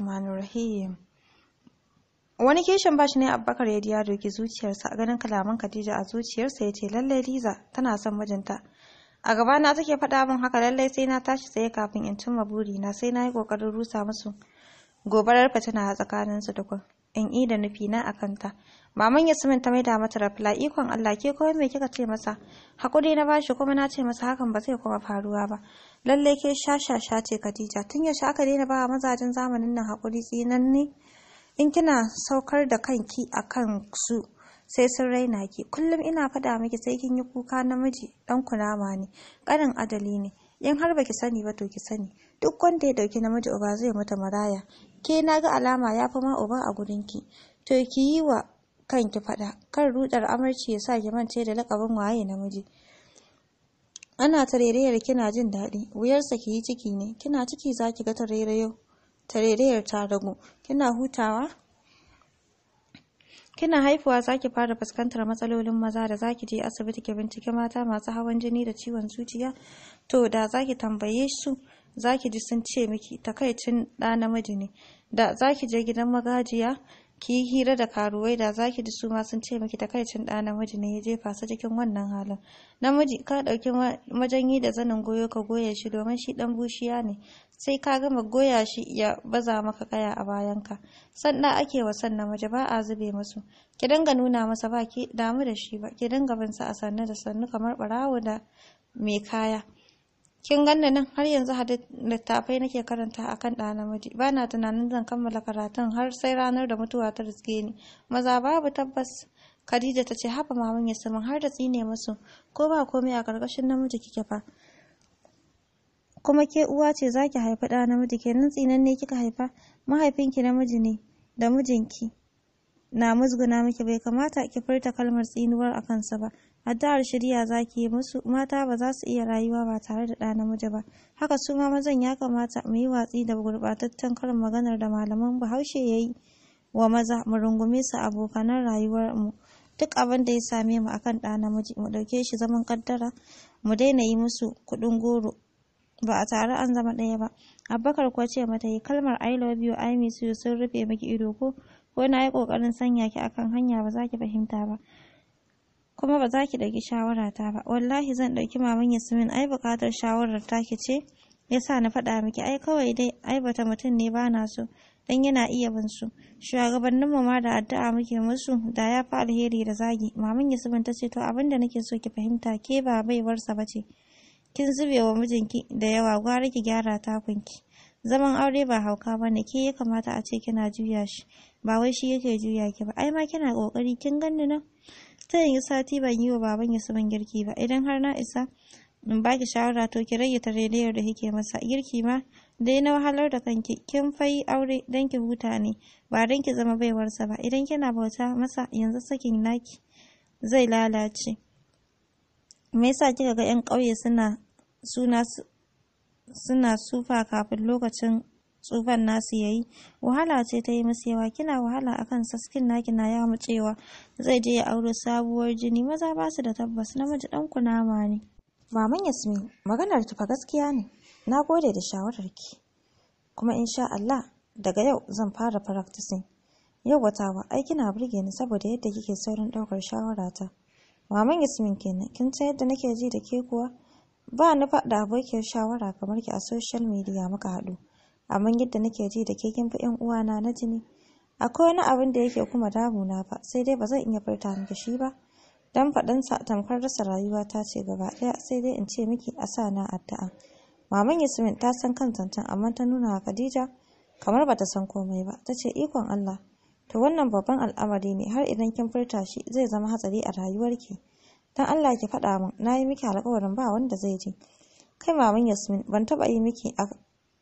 rahmanir wani kishin bashi ne abubakar ya ya doki zuciyarsa ganin kalaman khadija a zuciyarsa ya ce lallai liza tana son mijinta a gabana take faɗa min haka lallai sai na tashi tsaye kafin in cimma burina sai na yi ƙoƙarin rusa musu gobarar fitina a tsakaninsu tukun in ida da na a kanta maman yasmin ta maida mata rafila ikon allah ke kawai me kika ce masa hakuri na bashi kuma na ce masa hakan ba zai kuma faruwa ba lalle ke shashasha ce khadija tun yaushe aka daina ba mazajen zamanin nan hakuri ne. in kina saukar da kanki a kan su sai sun raina ki kullum ina faɗa miki sai kin yi kuka namiji dan kunama ne ƙarin adali ne in har baki sani ba to ki sani duk wanda ya ɗauki namiji uba zai mata maraya ke na ga alama ya fi ma uba a gurin ki to ki yi wa kanki fada Kan rudar amarci ya sa ki mance da lakabin waye namiji ana tarairayar kina jin daɗi wuyarsa ki ciki ne kina ciki za ki ga tarairayar tarairayar ta ragu kina hutawa kina haifuwa za ki fara fuskantar matsalolin maza da za ki je asibiti ki bincike mata masu hawan jini da ciwon zuciya to da za ki tambaye su za ki ji sun ce miki takaicin ɗa namiji ne da za ki je gidan magajiya ki yi hira da karuwai da zaki ji su ma sun ce miki takaicin ɗa namiji ne ya jefa su cikin wannan halin namiji ka ɗauki majanyi da zanin goyo ka goya shi domin shi ɗan bushiya ne sai ka gama goya shi ya baza maka kaya a bayanka da ake wa san namiji ba a zube musu ki dinga nuna masa ba ki damu da shi ba ki dinga bin sa a sannu da sannu kamar ɓarawo da mai kaya kin ganna nan har yanzu littafai nake karanta akan ɗa namiji ba na tunanin zan kammala karatun har sai ranar da mutuwa ta riske ni maza babu tabbas khadija ta ce haba maman ya saman har da tsine musu ko ba komai a ƙarƙashin namiji kike fa kuma ke uwa ce zaki haifi ɗa namiji kenan tsinan kika haifa mahaifinki namiji ne da mijinki na musguna miki bai kamata ki furta kalmar tsinuwar a kansa ba addu'ar shirya za ki yi musu mata ba za su iya rayuwa ba tare da ɗa namiji ba haka su ma mazan ya kamata mu yi watsi da gurɓataccen karin maganar da malaman bahaushe ya yi wa maza mu rungume su abokanan rayuwar mu duk abin da ya same mu akan ɗa namiji mu ɗauke shi zaman kaddara mu daina yi musu kuɗin goro ba a tare an zama ɗaya ba abubakar kuwa ce mata yi kalmar i love you i miss sun rufe miki ido ko ko na yi ƙoƙarin sanya ki akan hanya ba za ki fahimta ba kuma ba za ki ɗauki shawarata ba wallahi zan ɗauki maman yasmin ai buƙatar shawarar ta ki ce yasa na faɗa miki ai kawai dai ai bata mutum ne ba na so dan yana iya bin su shugabannin mu ma da addu'a muke musu da ya fi alheri da zagi maman yasmin ta ce to abin da nake so ki fahimta ke ba baiwarsa ba ce kin zube wa mijinki da yawa gwara ki gyara takunki zaman aure ba hauka ba ne ke ya kamata a ce kina juya shi ba wai shi yake juya ki ba ai ma kina kokari kin ganni nan ta yi sati ban yi wa baban ya saman girki ba idan har na isa in ba ki shawara to ki rage rediyo da kike masa girki ma dai na wahalar da kanki kin fai aure dan ki huta ne ba dan ki zama baiwarsa ba idan kina bauta masa yanzu sakin naki zai lalace me yasa kika ga yan kauye suna suna suna sufa kafin lokacin tsufan nasu yayi wahala ce ta yi masu yawa kina wahala akan saskin naki na ya cewa zai je ya auro sabuwar jini maza ba su da tabbas Na namiji dan ku nama ne maman yasmin maganar ta fa gaskiya ne na gode da shawarar ki kuma insha Allah daga yau zan fara practicing yau watawa ai kina burge ni saboda yadda kike saurin daukar shawarata maman yasmin kenan kin ta yadda nake ji da ke kuwa ba ni faɗa abokiyar shawara kamar ki a social media muka haɗu amma yadda nake ji da ke kin fi yan uwana na jini akwai wani abin da yake kuma damuna ba sai dai ba zan iya furta miki shi ba dan faɗansa tamkar rasa rayuwa ta ce gaba ɗaya sai dai in ce miki a sa na addu'a maman yasmin ta san kan zancen amma ta nuna wa khadija kamar bata san komai ba ta ce ikon allah to wannan babban al'amari ne har idan kin furta shi zai zama hatsari a rayuwarki dan allah ki faɗa min na yi miki alƙawarin ba wanda zai ji. kai maman yasmin ban taɓa yi miki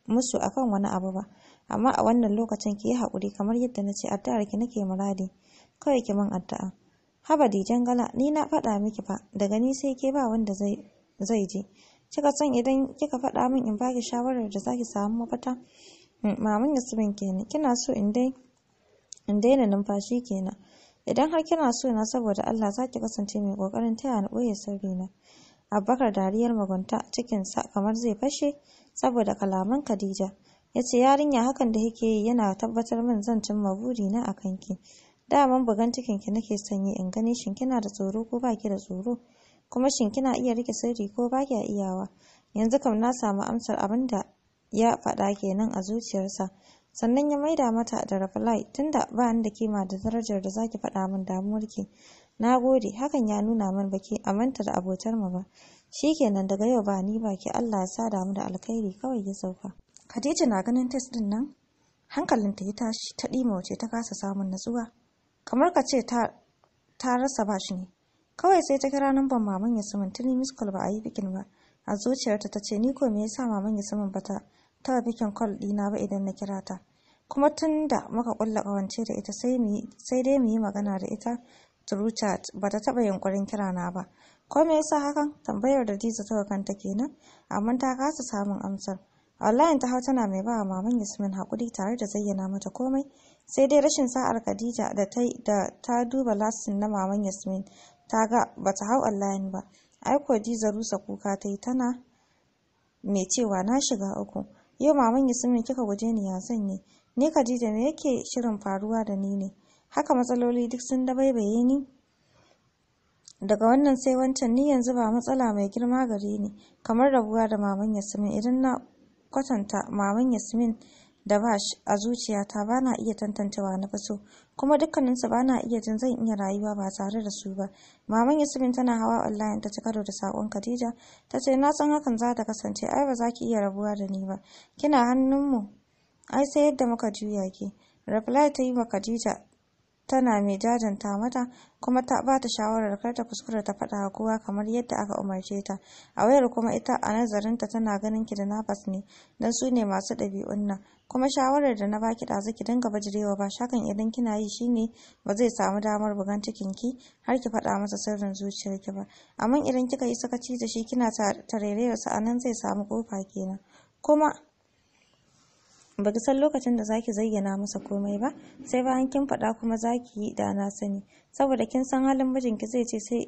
musu akan wani abu ba amma a wannan lokacin ki yi haƙuri kamar yadda na ce addu'ar ki nake muradi kawai ki min addu'a haba dijan gala ni na faɗa miki fa daga ni sai ke ba wanda zai zai je kika san idan kika faɗa min in baki shawarar da zaki samu mafita mm, maman yasmin kenan kina so in dai in daina numfashi kenan idan har kina so na saboda Allah zaki kasance mai kokarin taya ni ɓoye sirri na Abubakar dariyar magunta a cikinsa kamar zai fashe saboda kalaman Khadija. Ya ce yarinya hakan da yake yi yana tabbatar min zan cimma burina a kanki. Daman bugan cikinki nake sanye in gani shin kina da tsoro ko baki da tsoro. Kuma shin kina iya rike sirri ko ba a iyawa. Yanzu kam na samu amsar abin da ya faɗa kenan a zuciyarsa. Sannan ya maida mata da reply tunda ba ni da kima da darajar da zaki faɗa min damuwarki. Na gode, hakan ya nuna min baki amanta da abotar mu ba. Shikenan daga yau ba ni baki Allah ya sada mu da alkhairi kawai ya sauka. Khadija na ganin test din nan hankalinta ya tashi ta ɗima wace ta kasa samun natsuwa. Kamar ka ce ta ta rasa bashi ne. Kawai sai ta kira namban maman ya saman tuni miss call ba a yi bikin ba. A zuciyarta ta ce ni ko me yasa maman ya saman bata taba bikin call ɗina ba idan na kira ta. Kuma tun da muka ƙulla ƙawance da ita sai dai mu yi magana da ita Truchat ba ta taɓa yunkurin kira na ba. Ko me yasa hakan? Tambayar da Diza ta kanta kenan, amma ta kasa samun amsar. Online ta hau tana mai ba maman Yasmin hakuri tare da zayyana mata komai, sai dai rashin sa'ar Khadija da ta da ta duba lasin na maman Yasmin ta ga ba ta hau online ba. ai ko Diza rusa kuka ta yi tana mai cewa na shiga uku. Yau maman Yasmin kika guje ni ya sanye. Ni Khadija me yake shirin faruwa da ni ne? haka matsaloli duk sun dabaibaye ni daga wannan sai wancan ni yanzu ba matsala mai girma gare ni kamar rabuwa da maman yasmin idan na kwatanta maman yasmin da bash a zuciyata ba na iya tantancewa na faso kuma dukkaninsu ba na iya jin zan iya rayuwa ba tare da su ba maman yasmin tana hawa online ta ci karo da sakon khadija ta ce na san hakan za ta kasance ai ba za ki iya rabuwa da ni ba kina hannunmu ai sai yadda muka juya ki reply ta yi wa khadija tana mai jajanta mata kuma ta bata shawarar kar ta kuskura ta faɗa kowa kamar yadda aka umarce ta a wayar kuma ita a nazarinta tana ganin ki da nafas ne dan su ne masu ɗabi'un nan kuma shawarar da na baki ɗazu ki dinga bajirewa ba shakan idan kina yi shine ba zai samu damar bugan cikin ki har ki faɗa masa sirrin zuciyarki ba amma idan kika yi sakaci da shi kina tarere a nan zai samu kofa kenan kuma ba ki san lokacin da zaki zayyana masa komai ba sai bayan kin faɗa kuma zaki yi da na sani saboda kin san halin mijinki zai ce sai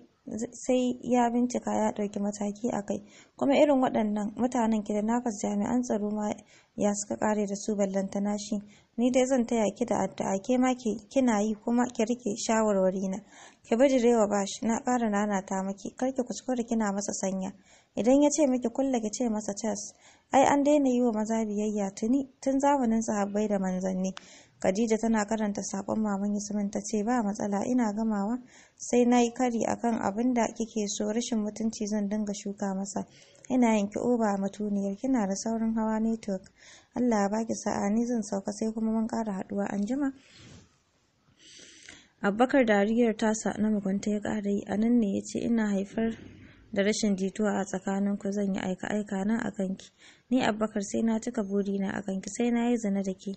sai ya bincika ya ɗauki mataki a kai kuma irin waɗannan mutanen ki da nafas jami'an tsaro ma ya suka kare da su ballanta nashi? ni dai zan taya ki da addu'a ke ma kina yi kuma ki rike shawarwari na ki bijirewa bashi na ƙara nana ta maki kar ki kuskure kina masa sanya idan ya ce miki kulla ki ce masa ces ai an daina yi wa maza biyayya tuni tun zamanin sahabbai da manzanni Khadija tana karanta sakon maman Yasmin ta ce ba matsala ina gamawa sai na yi kari akan abin da kike so rashin mutunci zan dinga shuka masa ina yin ki oba mutuniyar kina da saurin hawa network Allah ya baki sa'a ni zan sauka sai kuma mun ƙara haduwa anjima Abubakar dariyar tasa na mugunta ya ƙara yi a nan ne ya ce ina haifar da rashin jituwa a tsakaninku zan yi aika-aika na a kanki ni abubakar sai na cika burina a kanki sai na yi zina da ke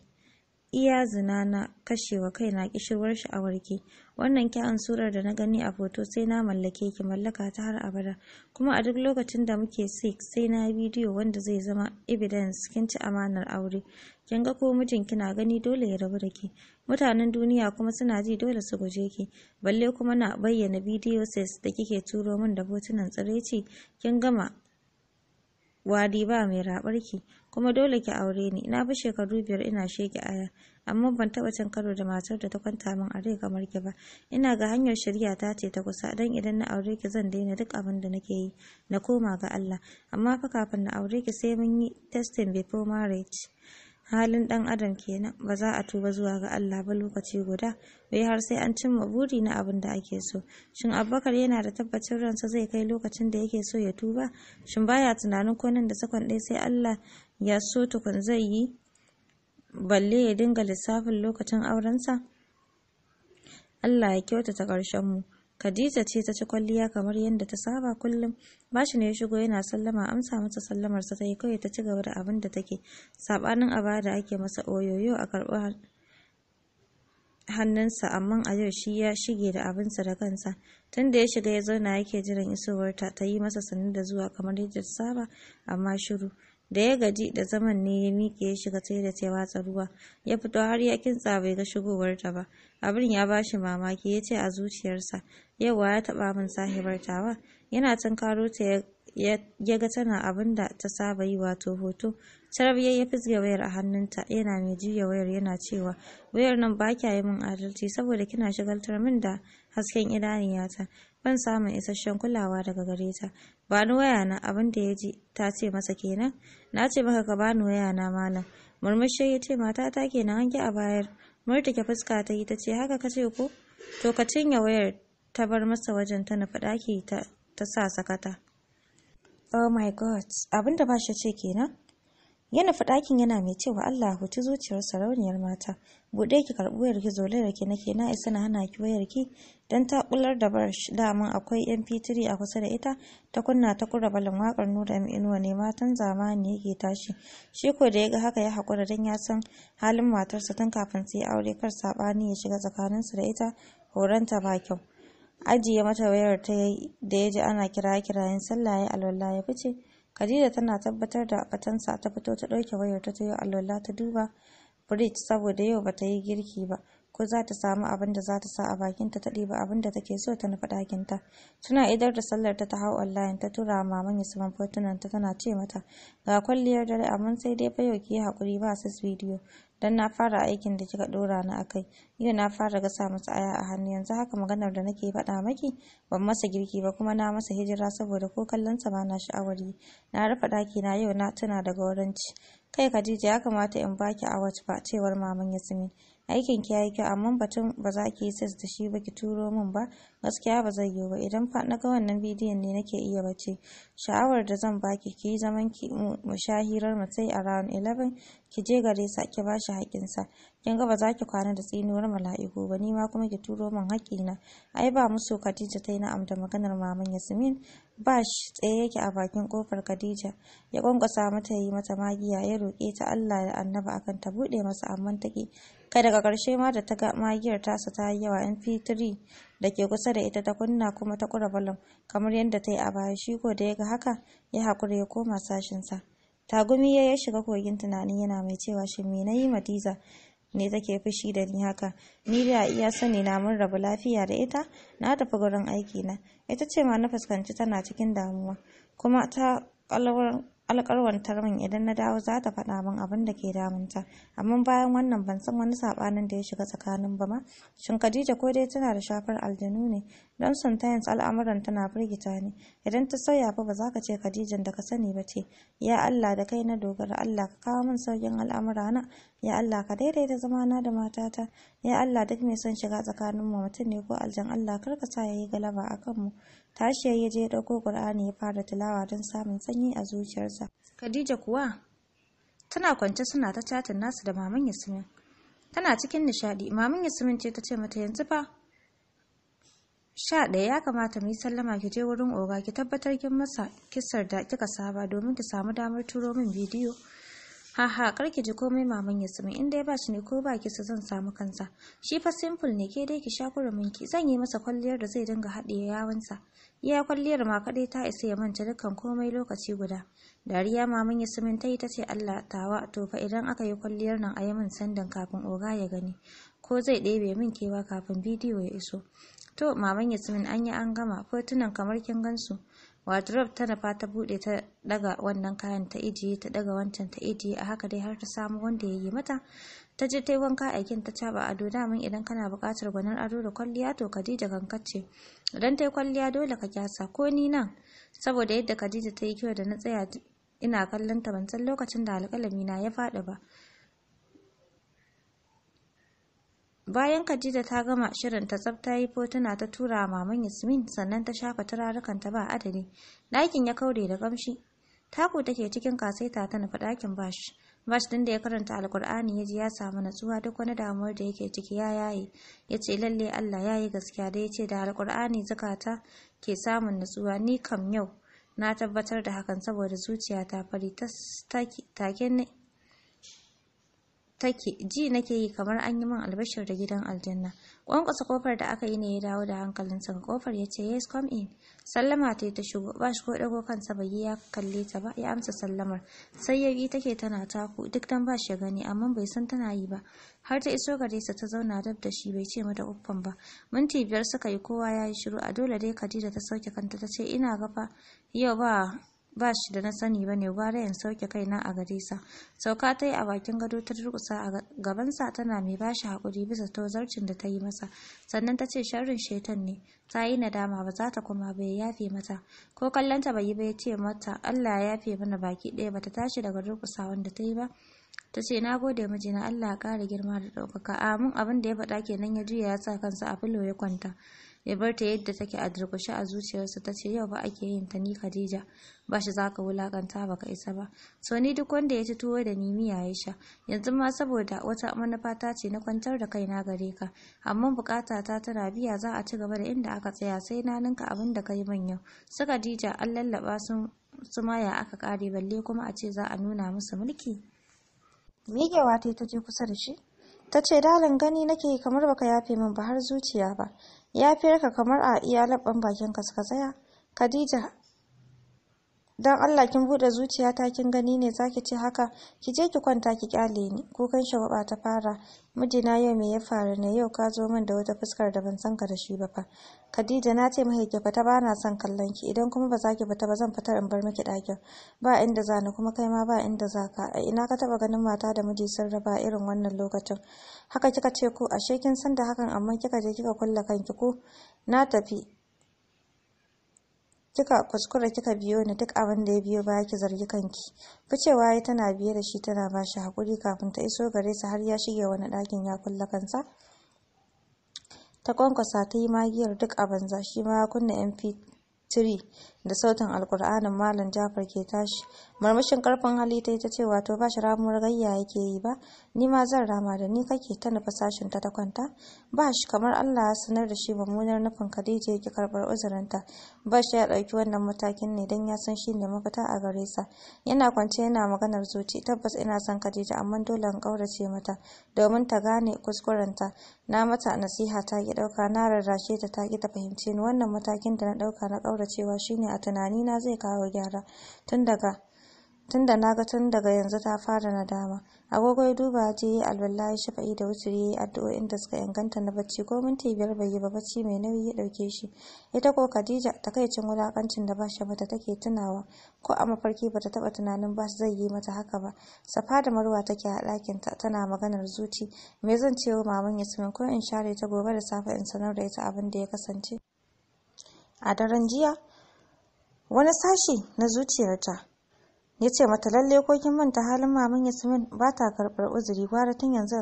iya zina na kashewa kaina kishirwar sha'awar ki wannan kyawun surar da na gani a foto sai na mallake ki mallaka ta har abada kuma a duk lokacin da muke sex sai na bidiyo wanda zai zama evidence kin ci amanar aure kin ga ko mijin kina gani dole ya rabu da ki mutanen duniya kuma suna ji dole su guje ki balle kuma na bayyana bidiyo ses da kike turo min da hotunan tsiraici kin gama wadi ba mai rabar ki kuma dole ki aure ni na bi shekaru biyar ina sheki aya amma ban taɓa cin karo da matar da ta kwanta min a rai kamar ki ba ina ga hanyar shari'a ta ce ta kusa dan idan na aure ki zan daina duk abin da nake yi na koma ga Allah amma fa kafin na aure ki sai mun yi testing before marriage halin dan adam kenan ba za a tuba zuwa ga Allah ba lokaci guda wai har sai an cimma buri na abin da ake so shin abubakar yana da tabbacin ransa zai kai lokacin da yake so ya tuba shin baya tunanin ko nan da sakon ɗaya sai Allah ya so tukun zai yi balle ya dinga lissafin lokacin aurensa Allah ya kyautata ƙarshen mu Khadija ce ta ci kwalliya kamar yadda ta saba kullum. Bashi ne ya shigo yana sallama amsa masa sallamar sa yi kawai ta ci gaba da abin da take. Sabanin a da ake masa oyoyo a karɓar hannunsa amma a yau shi ya shige da abinsa da kansa tunda ya shiga ya zauna yake jiran isowarta ta yi masa sannu da zuwa kamar yadda ta saba amma shiru da ya gaji da zaman ne ya miƙe ya shiga sai da sai watsa ruwa ya fito har ya kintsa bai ga shigowarta ba abin ya bashi mamaki ya ce a zuciyarsa yauwa ya taɓa min sahibar tawa yana tunkaro ta ya ga tana abin da ta saba yi wato hoto tarbiyyar ya fizge wayar a hannunta yana mai juya wayar yana cewa wayar nan ba kya yi min adalci saboda kina shigaltar min da hasken idaniyata ban samun isasshen kulawa daga gare ta bani wayana, waya na abin da ya ji ta ce masa kenan na ce maka ka bani waya na malam murmushi ya ce mata ta kenan an a bayar ke fuska ta yi ta ce haka ka ce ko to ka cinye wayar ta bar masa wajen tana faɗaki ki ta sa sakata oh my god abin da ba shi ce kenan yana fadakin yana mai cewa Allah huci zuciyar sarauniyar mata buɗe ki karɓi wayar ki zole da nake na isa na hana ki wayar ki dan ta kular da bar daman akwai mp3 a kusa da ita ta kunna ta kura balan wakar nura m inuwa ne matan zamani yake tashi shi ko da ya ga haka ya hakura dan ya san halin matarsa tun kafin su aure kar saɓani ya shiga tsakanin su da ita horanta ba kyau ajiye mata wayar ta da yaji ana kira kirayen sallah ya alwala ya fice Khadija tana tabbatar da batansa ta fito ta ɗauke wayar ta yi alwala ta duba fridge saboda yau bata yi girki ba ko za ta samu abin da za ta sa a bakinta ta ɗiba abin da take so ta na ɗakinta. Tana idar da sallar ta ta hau online ta tura wa maman Usman fotunan ta tana ce mata ga kwalliyar dare amma sai dai fa yau ki yi haƙuri ba sis bidiyo don na fara aikin da kika dora ni a kai yau na fara gasa masa aya a hannu yanzu haka maganar da nake faɗa maki ban masa girki ba kuma na masa hijira saboda ko kallon sa ba na sha'awar yi na rufe ɗaki na yau na tuna daga wurin ci kai Khadija ya kamata in baki a ba cewar maman Yasmin aikin ki yayi kyau amma batun ba za ki yi ses da shi ba ki turo min ba gaskiya ba zai yiwu ba idan fa na ga wannan bidiyon ne nake iya bace sha'awar da zan baki ki yi zaman ki mu sha hirar mu sai a round 11 ki je gare sa ki ba shi hakkin sa kin ga ba za ki kwana da tsinuwar mala'iku ba ni ma kuma ki turo min na ai ba musu Khadija ta yi na'am da maganar maman Yasmin ba Bash tsaye yake a bakin kofar Khadija ya kwankwasa mata yi mata magiya ya roke ta Allah da Annabi akan ta bude masa amma take kai daga ƙarshe ma da ta ga magiyar tasa ta yi yawa mp3 da ke kusa da ita ta kunna kuma ta kura balon kamar yadda ta yi a baya shi ko da ya ga haka ya haƙura ya koma sashinsa tagumi ya ya shiga kogin tunani yana mai cewa shi me na yi matiza ne take fushi da ni haka ni da iya sani na mun rabu lafiya da ita na tafi gurin aiki na ita ce ma na fuskanci tana cikin damuwa kuma ta alƙarwantar min idan na dawo za ta faɗa min abin da ke damunta amma bayan wannan ban san wani saɓanin da ya shiga tsakanin ba ma shin khadija ko dai tana da shafar aljanu ne don sometimes al'amuran tana firgita ne, idan ta sauya fa ba za ka ce khadijan da ka sani ba ce ya allah da kai na dogara allah ka kawo min saukin al'amura na ya allah ka daidaita zamana da matata ya allah duk mai son shiga tsakanin mu mutum ne ko aljan allah kar ka sa yayi galaba a kanmu tashi ya je ɗauko qur'ani ya fara tilawa don samun sanyi a zuciyarsa khadija kuwa tana kwance suna ta catin nasu da maman yasmin tana cikin nishaɗi. maman yasmin ce ta ce mata yanzu fa sha ɗaya ya kamata mu yi sallama ki je wurin oga ki tabbatar kin masa kisar da kika saba domin ki samu damar turo min bidiyo ha kar ki ji komai maman ya sumi in dai ba ne ko ba ki sa zan samu kansa shi fa simple ne ke dai ki sha kurumin ki zan yi masa kwalliyar da zai dinga haɗe yawansa iya kwalliyar ma kaɗai ta isa ya manta dukkan komai lokaci guda dariya maman yasmin ta yi ta ce allah tawa to fa idan aka yi kwalliyar nan a yi min sandan kafin oga ya gani ko zai ɗebe min kewa kafin bidiyo ya iso to maman yasmin an yi an gama fotunan kamar kin gansu Wardrop ta nafa ta bude ta daga wannan kayan ta ijiye ta daga wancan ta ijiye a haka dai har ta samu wanda ya yi mata ta je ta yi wanka aikin ta caba ado daman idan kana buƙatar gwanar ado da kwalliya to Khadija kankacce idan ta yi kwalliya dole ka kyasa ko ni nan saboda yadda Khadija ta yi kyau da na tsaya ina kallon ta ban san lokacin da alƙalami na ya faɗi ba Bayan Khadija ta gama shirin ta tsafta yi fotuna ta tura maman Yasmin sannan ta shafa turarukan ta ba adadi. Ɗakin ya kaure da gamshi Taku take cikin kasaita ta nufi ɗakin bashi. Bash din da ya karanta Alkur'ani ya ji ya samu natsuwa duk wani damuwar da yake ciki ya yaye. Ya ce lalle Allah ya yi gaskiya da ya ce da Alkur'ani zakata ke samun natsuwa ni kam yau. Na tabbatar da hakan saboda zuciya ta fari take take ji nake yi kamar an yi min albashir da gidan aljanna kwankwasa kofar da aka yi ne ya dawo da hankalinsa ga kofar ya ce yes come in sallama ta yi ta shigo ba shi ko kansa bai ya kalle ta ba ya amsa sallamar sai yi take tana taku duk dan ba shi gani amma bai san tana yi ba har ta iso gare sa ta zauna dab da shi bai ce mata uffan ba minti biyar suka yi kowa ya yi shiru a dole dai Khadija ta sauke kanta ta ce ina gafa yau ba ba shi da na sani ba ne gwara yin sauke na a gare sa sauka ta yi a bakin gado ta durkusa a gabansa tana mai ba shi haƙuri bisa tozarcin da ta yi masa sannan ta ce sharrin shaitan ne ta yi nadama ba za ta kuma bai yafe mata ko kallon ta bai yi ba ya ce mata Allah ya yafe mana baki ɗaya bata tashi daga durkusa wanda ta yi ba ta ce na gode miji na Allah ya ƙara girma da ɗaukaka amin abin da ya faɗa kenan ya juya ya sa kansa a filo ya kwanta ya bar ta yadda take a durkushe a zuciyarsa ta ce yau ba ake yin ta ni Khadija ba shi za ka wulakanta ba ka isa ba so ni duk wanda ya ci tuwo da ni miya ya sha yanzu ma saboda wata manufa ta ce na kwantar da kaina gare ka amma bukata ta tana biya za a ci gaba da inda aka tsaya sai na ninka abin da kai man yau su Khadija an lallaba sun su maya aka kare balle kuma a ce za a nuna musu mulki miƙewa ta ta je kusa da shi ta ce dalin gani nake kamar baka yafe min ba har zuciya ba ya fi kamar a iya labban bakinka suka tsaya khadija dan Allah kin bude ta kin gani ne zaki ce haka ki je ki kwanta ki kyale ni kukan shawaba ta fara mijina yau me ya faru ne yau ka zo min da wata fuskar da ban san ka da shi ba fa Khadija na ce miki ki fita ba na son kallon ki idan kuma ba za ki fita ba zan fitar in bar miki ɗakin ba inda za ni kuma kai ma ba inda za ka a ina ka taba ganin mata da miji sun raba irin wannan lokacin haka kika ce ko ashe kin san da hakan amma kika je kika kulla kanki ko na tafi kika kuskura kika biyo ni duk abin da ya biyo baya ki zargi kanki ficewa ya tana biye da shi tana ba shi hakuri kafin ta iso gare sa har ya shige wani ɗakin ya kulla kansa ta kwankwasa ta yi magiyar duk a banza shi ma ya kunna mp3 da sautin alkur'anin malam jafar ke tashi marmashin karfin hali ta yi ta ce wato ba shi ramuwar gayya yake yi ba ni ma zan rama da ni kake ta nufa sashin ta ta kwanta ba shi kamar allah ya sanar da shi mummunar nufin khadija yake karbar uzurinta ba shi ya ɗauki wannan matakin ne don ya san shi ne mafita a gare sa yana kwance yana maganar zuci tabbas ina son khadija amma dole in ƙaurace mata domin ta gane kuskurenta na mata nasiha ta ki ɗauka na rarrashe ta ta ki ta fahimce ni wannan matakin da na ɗauka na ƙauracewa shine a tunanina zai kawo gyara tun daga tun da naga tun daga yanzu ta fara nadama agogo ya duba je yi alwala shafa'i da wuce yi addu'o'in da suka inganta na bacci ko minti biyar bai yi ba bacci mai nauyi ya dauke shi ita ko Khadija takaicin wulakancin da bashi mata take tunawa ko a mafarki bata taba tunanin bashi zai yi mata haka ba safa da marwa take a ɗakin ta tana maganar zuci me zan ce wa maman Yasmin ko in share ta gobe da safe in sanar da ita abin da ya kasance a daren jiya wani sashi na zuciyarta ya ce mata lalle ko kin manta halin maman yasmin ba ta karɓar uzuri gwara tun yanzu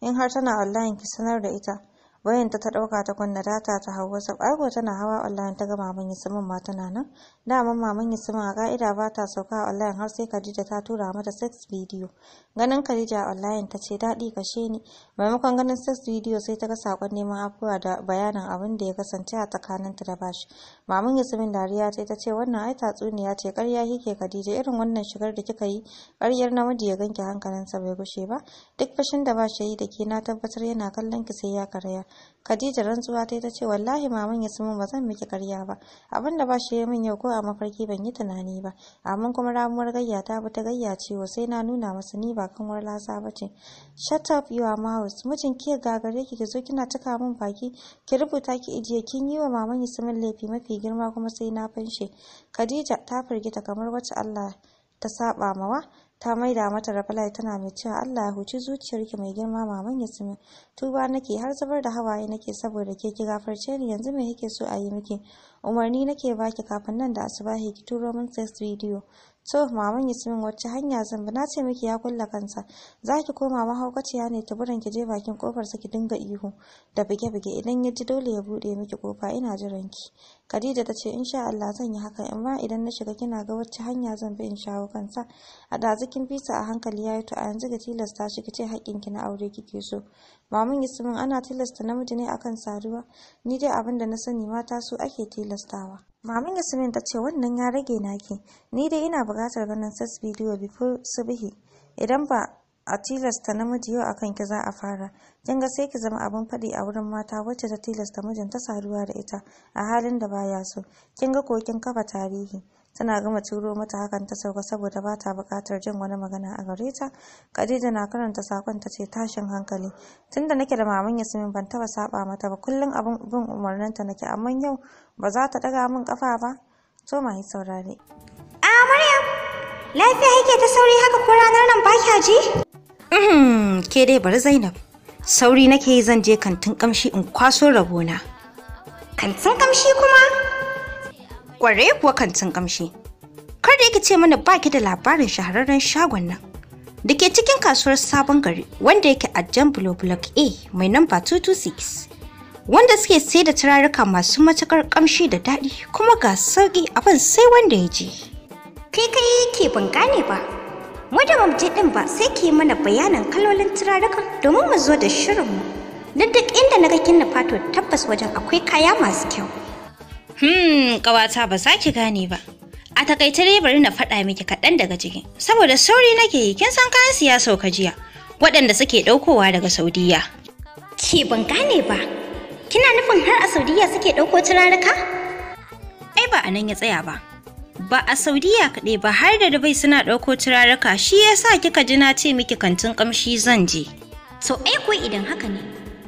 in har tana online ki sanar da ita wayanta ta ɗauka ta kunna data ta hau wasu ɓargo tana hawa online ta ga maman yasimin ma tana nan dama maman yasimin a ka'ida ba ta sauka online har sai khadija ta tura mata sex video ganin khadija online ta ce daɗi kashe ni maimakon ganin sex video sai ta ga sakon neman afuwa da bayanin abin da ya kasance a tsakanin ta da bashi maman yasimin dariya ce ta ce wannan ai tatsuniya ce ƙarya kike khadija irin wannan shigar da kika yi ƙaryar namiji ya ganki hankalinsa bai gushe ba duk fashin da bashi yi da ke na tabbatar yana kallon ki sai ya karaya Khadija rantsuwa ta ce wallahi maman ya samu ba zan miki karya ba abin da ba shi ya min yau ko a mafarki ban yi tunani ba amma kuma ramuwar gayya ta bi ta gayya cewa, sai na nuna masa ni ba kan wani lasa ba ce shut up your mouth mijin ki gagare ki ki zo kina cika min baki ki rubuta ki ijiye kin yi wa maman ya samu laifi mafi girma kuma sai na fanshe Khadija ta firgita kamar wacce Allah ta saba mawa ta maida mata reply tana mai cewa Allah ya huci zuciyarki mai girma maman Yasmin tuba nake har zubar da hawaye nake saboda ke ki gafarce ni yanzu me kike so a yi miki umarni nake baki kafin nan da asuba ki turo min text video to maman yasmin wacce hanya zan bi na ce miki ya kulla kansa za ki koma mahaukaciya ne ta buran ki je bakin kofar ki dinga ihu da bige bige idan ya ji dole ya bude miki kofa ina jiran ki Khadija ta ce insha Allah zan yi haka amma idan na shiga kina ga wacce hanya zan bi in shawo kansa a dazikin fisa a hankali yayi to a yanzu ga tilasta shi ki ce haƙƙinki ki na aure kike so maman yasmin ana tilasta namiji ne akan saduwa ni dai abin da na sani mata su ake tilastawa Mamin Yasmin ta ce wannan ya rage naki, ni dai ina buƙatar ganin sas bidiyo before subhi. Idan ba a tilasta namiji yau akan ki za a fara. Kin ga sai ki zama abin faɗi a wurin mata wacce ta tilasta mijinta saduwa da ita a halin da baya so. Kin ga ko kafa tarihi. Tana gama turo mata hakan ta sauka saboda ba ta buƙatar jin wani magana a gare ta. Khadija na karanta sakon ta ce tashin hankali. Tunda nake da maman Yasmin ban taba saba mata ba kullum abin bin umarnin ta nake amma yau ba za ta daga min kafa ba. To mai saurare. A Maryam, lafiya yake ta sauri haka ko ranar nan ba kya ji? Uhm, ke dai bari Zainab. Sauri nake yi zan je kantin kamshi in kwaso rabona. Kantin kamshi kuma? Kware kuwa kantin ƙamshi. Kar da yake ce mana baki da labarin shahararren shagon nan. Da ke cikin kasuwar sabon gari wanda yake a Jan Block A mai namba 226. Wanda suke sai da turaruka masu matuƙar ƙamshi da daɗi kuma ga sauƙi abin sai wanda ya je. Kai kai ke ban gane ba. mu da Madamam ɗin ba sai ke mana bayanan kalolin turarukan domin mu zo da shirin mu, Duk duk inda na ga kinna fato tabbas wajen akwai kaya masu kyau. Hmm, ƙawata ba za ki gane ba. A takaice dai bari na faɗa miki kaɗan daga cikin, saboda sauri nake yi kin san kayan siyasa ka jiya, waɗanda suke ɗaukowa daga Saudiya. Ke ban gane ba, kina nufin har a Saudiya suke ɗauko turaruka? Ai ba a nan ya tsaya ba. Ba a Saudiya kaɗai ba har da Dubai suna ɗauko turaruka shi yasa kika ji na ce miki kantin ƙamshi zan je. To ai ko idan haka ne,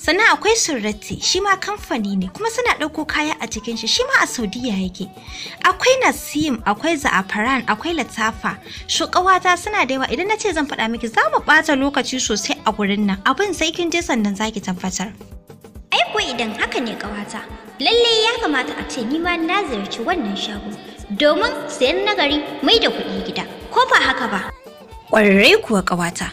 sannan akwai surratti shi ma kamfani ne kuma suna ɗauko kaya a cikin shi shi ma a saudiya yake akwai nasim akwai za'afaran akwai latafa shukawata suna da yawa idan na ce zan faɗa miki za mu ɓata lokaci sosai a gurin nan abin sai kin je sannan zaki tabbatar ai ko idan haka ne kawata lalle ya kamata a ce ni ma na ziyarci wannan shago domin sayan nagari mai da kuɗi gida ko ba haka ba ƙwararre kuwa kawata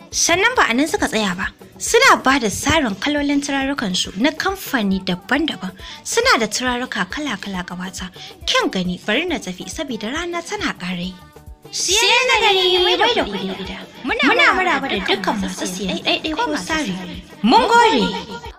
Sannan ba a nan suka tsaya ba, suna ba da tsarin kalolin turarukansu na kamfani daban-daban suna da turaruka kala-kala gabata. Kyan gani bari na tafi saboda rana tana karai Siyan na gani mai da kuɗi gida. Muna muraba da dukkan masu siyan ɗaiɗai ko sari. Mun gore!